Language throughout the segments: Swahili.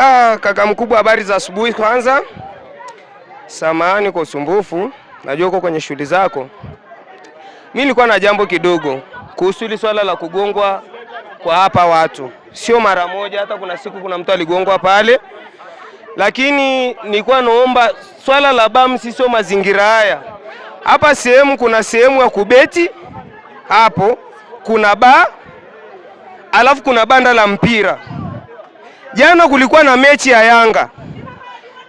Ah, kaka mkubwa, habari za asubuhi. Kwanza samahani kwa usumbufu, najua uko kwenye shughuli zako. Mimi nilikuwa na jambo kidogo kuhusu hili swala la kugongwa kwa hapa watu, sio mara moja, hata kuna siku kuna mtu aligongwa pale, lakini nilikuwa naomba swala la bamsi, sio mazingira haya hapa. Sehemu kuna sehemu ya kubeti hapo, kuna ba alafu kuna banda la mpira Jana kulikuwa na mechi ya Yanga,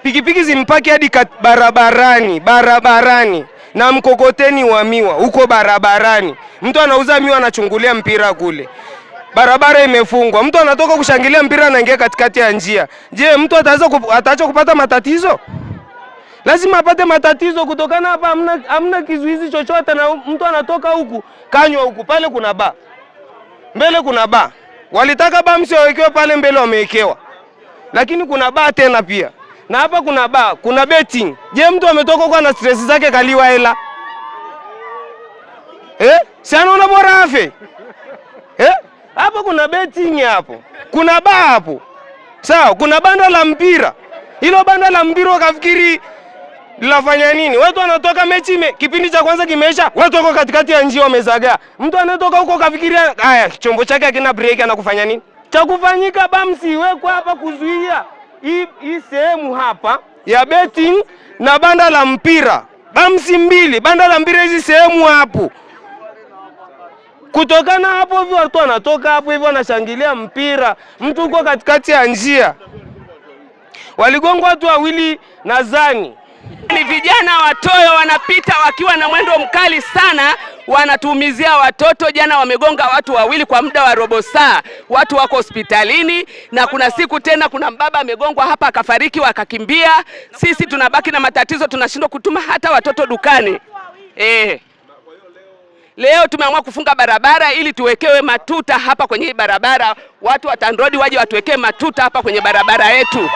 pikipiki zimpaki hadi barabarani, barabarani na mkokoteni wa miwa huko barabarani. Mtu anauza miwa anachungulia mpira kule, barabara imefungwa, mtu anatoka kushangilia mpira anaingia katikati ya njia. Je, mtu ataweza kup, ataacha kupata matatizo? Lazima apate matatizo kutokana hapa, hamna hamna kizuizi chochote, na mtu anatoka huku kanywa huku, pale kuna ba mbele kuna ba Walitaka bamsi wawekewe pale mbele, wamewekewa, lakini kuna baa tena pia, na hapa kuna baa, kuna betting. Je, mtu ametoka kwa na stress zake kaliwa hela eh? Si anaona bora afe eh? Hapo kuna betting, hapo kuna baa hapo, sawa. Kuna banda la mpira, hilo banda la mpira wakafikiri Lafanya nini? Watu wanatoka mechi me, kipindi cha kwanza kimeisha, watu wako katikati ya njia wamezagaa. Mtu anatoka huko kafikiria haya chombo chake hakina break anakufanya nini? Cha kufanyika bamsi wekwa hapa kuzuia hii sehemu hapa ya betting na banda la mpira. Bamsi mbili, banda la mpira hizi sehemu hapo. Kutokana hapo hivyo watu wanatoka hapo hivyo wanashangilia mpira. Mtu uko katikati ya njia. Waligongwa watu wawili nadhani. Ni vijana watoyo wanapita wakiwa na mwendo mkali sana, wanatuumizia watoto. Jana wamegonga watu wawili kwa muda wa robo saa, watu wako hospitalini, na kuna siku tena kuna mbaba amegongwa hapa akafariki, wakakimbia. Sisi tunabaki na matatizo, tunashindwa kutuma hata watoto dukani eh. Leo tumeamua kufunga barabara ili tuwekewe matuta hapa kwenye barabara, watu wa TANROADS waje watuwekee matuta hapa kwenye barabara yetu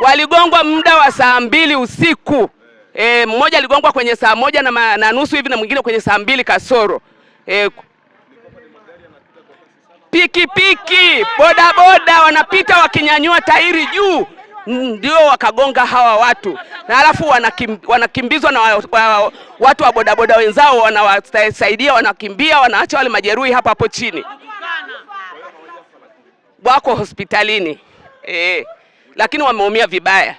waligongwa muda wa saa mbili usiku e, mmoja aligongwa kwenye saa moja na, na nusu hivi na mwingine kwenye saa mbili kasoro e, pikipiki bodaboda wanapita wakinyanyua tairi juu, ndio wakagonga hawa watu na alafu wanakim, wanakimbizwa na wa, wa, watu wa bodaboda wenzao wanawasaidia, wanakimbia, wanaacha wale majeruhi hapo hapo chini, wako hospitalini eh lakini wameumia vibaya.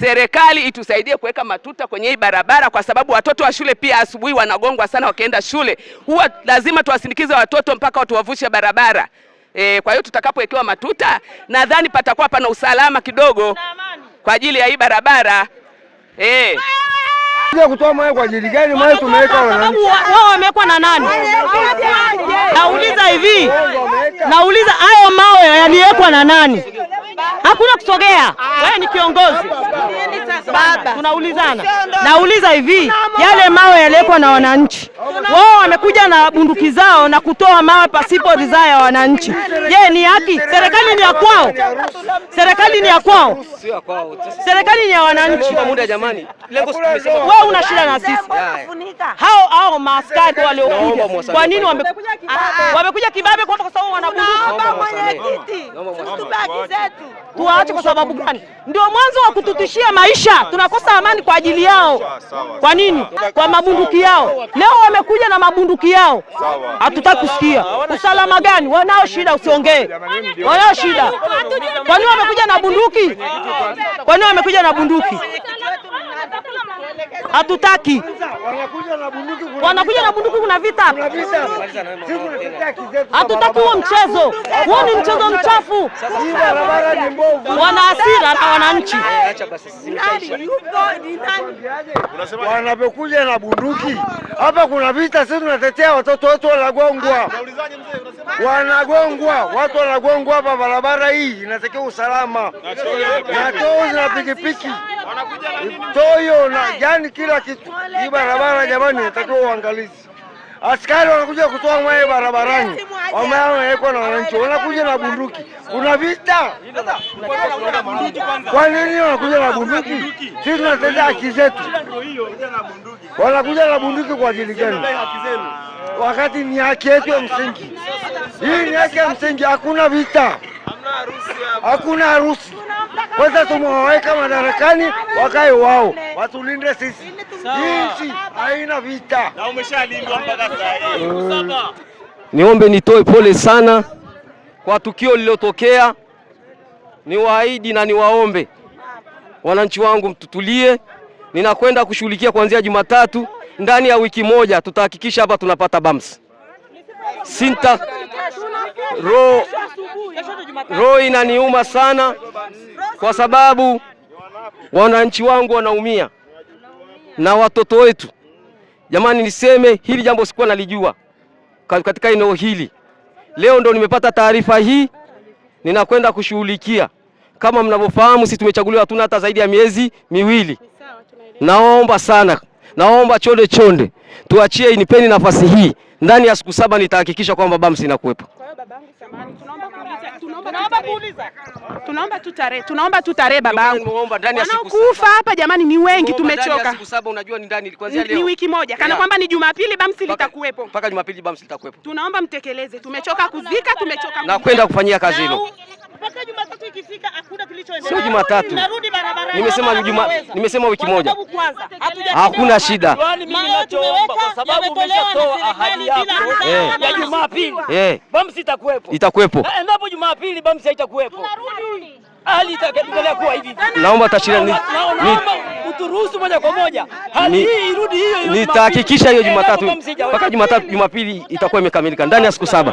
Serikali itusaidie kuweka matuta kwenye hii barabara, kwa sababu watoto wa shule pia asubuhi wanagongwa sana wakienda shule. Huwa lazima tuwasindikize watoto mpaka watuwavushe barabara. E, kwa hiyo tutakapowekewa matuta nadhani patakuwa pana usalama kidogo kwa ajili ya hii barabara e. Kutoa maji kwa ajili gani? Maji tumeweka wao, wamewekwa na nani? Nauliza hivi, nauliza hayo mawe yaliwekwa na nani? hakuna kusogea. Ah. Wewe ni kiongozi baba, tunaulizana. Nauliza hivi, yale mawe yaliwekwa na wananchi wao wamekuja na bunduki zao na kutoa mawe pasipo ridhaa ya wananchi. Je, ni haki? Serikali ni ya kwao, serikali ni ya kwao, serikali ni ya wananchi. Wewe una shida na sisi? Hao hao maaskari waliokuja, kwa nini wamekuja kibabe? Kwa sababu wana bunduki. Tuwaache kwa sababu gani? Ndio mwanzo wa kututishia maisha, tunakosa amani kwa ajili yao. Kwa nini? Kwa mabunduki yao leo wamekuja na mabunduki yao, hatutaki kusikia. Usalama gani? Wanao shida, usiongee. Wanao shida, kwani wamekuja na bunduki? Kwani wamekuja na bunduki? Hatutaki wanakuja na bunduki, kuna vita. Hatutaki huo mchezo, huo ni mchezo mchafu. Wana hasira na wananchi yaani wanapokuja na bunduki hapa, kuna vita. Sisi tunatetea watoto wetu, wanagongwa, ah, wanagongwa, watu wanagongwa hapa, barabara hii inatakiwa usalama na na pikipiki toyo na yani kila kitu. Hii barabara jamani, inatakiwa uangalizi. Askari wanakuja kutoa mwae barabarani, wamewekwa na wananchi, wanakuja na bunduki. Kuna vita. Kwa nini wanakuja na bunduki? Sisi tunatenda haki zetu, wanakuja na bunduki kwa ajili gani? Wakati ni haki yetu ya msingi. Hii ni haki ya msingi. Hakuna vita, hakuna harusi. Kwanza tumewaweka madarakani, wakae wao, watulinde sisi. Nchi haina vita. Na umeshalindwa mpaka sasa hivi. Eh. Niombe nitoe pole sana kwa tukio lililotokea. Niwaahidi na niwaombe wananchi wangu, mtutulie. Ninakwenda kushughulikia kuanzia Jumatatu. Ndani ya wiki moja tutahakikisha hapa tunapata bams. Sinta roho roho inaniuma sana, kwa sababu wananchi wangu wanaumia na watoto wetu. Jamani, niseme hili jambo sikuwa nalijua katika eneo hili. Leo ndo nimepata taarifa hii, ninakwenda kushughulikia. Kama mnavyofahamu, sisi tumechaguliwa hatuna hata zaidi ya miezi miwili. Naomba sana, naomba chonde chonde, tuachie, inipeni nafasi hii ndani ya siku saba nitahakikisha kwamba BAMS inakuwepo. Tunaomba tu tarehe, tunaomba tu tarehe babangu. Wanaokufa hapa jamani ni wengi, tumechoka. Siku saba unajua ni ndani kuanzia leo. Ni wiki moja kana kwamba ni Jumapili BAMS litakuwepo. Mpaka Jumapili BAMS litakuwepo. Tunaomba mtekeleze, tumechoka kuzika, tumechoka na kwenda kufanyia kazi hilo. Mpaka Jumatatu ikifika hakuna kilichoendelea. Sio Jumatatu. Narudi Nimesema juma, nimesema wiki moja. Hakuna shida. Eh. Itakuwepo. Eh. Eh, naomba tashira uturuhusu moja kwa moja. Nitahakikisha hiyo Jumatatu mpaka Jumatatu Jumapili itakuwa imekamilika ndani ya siku saba.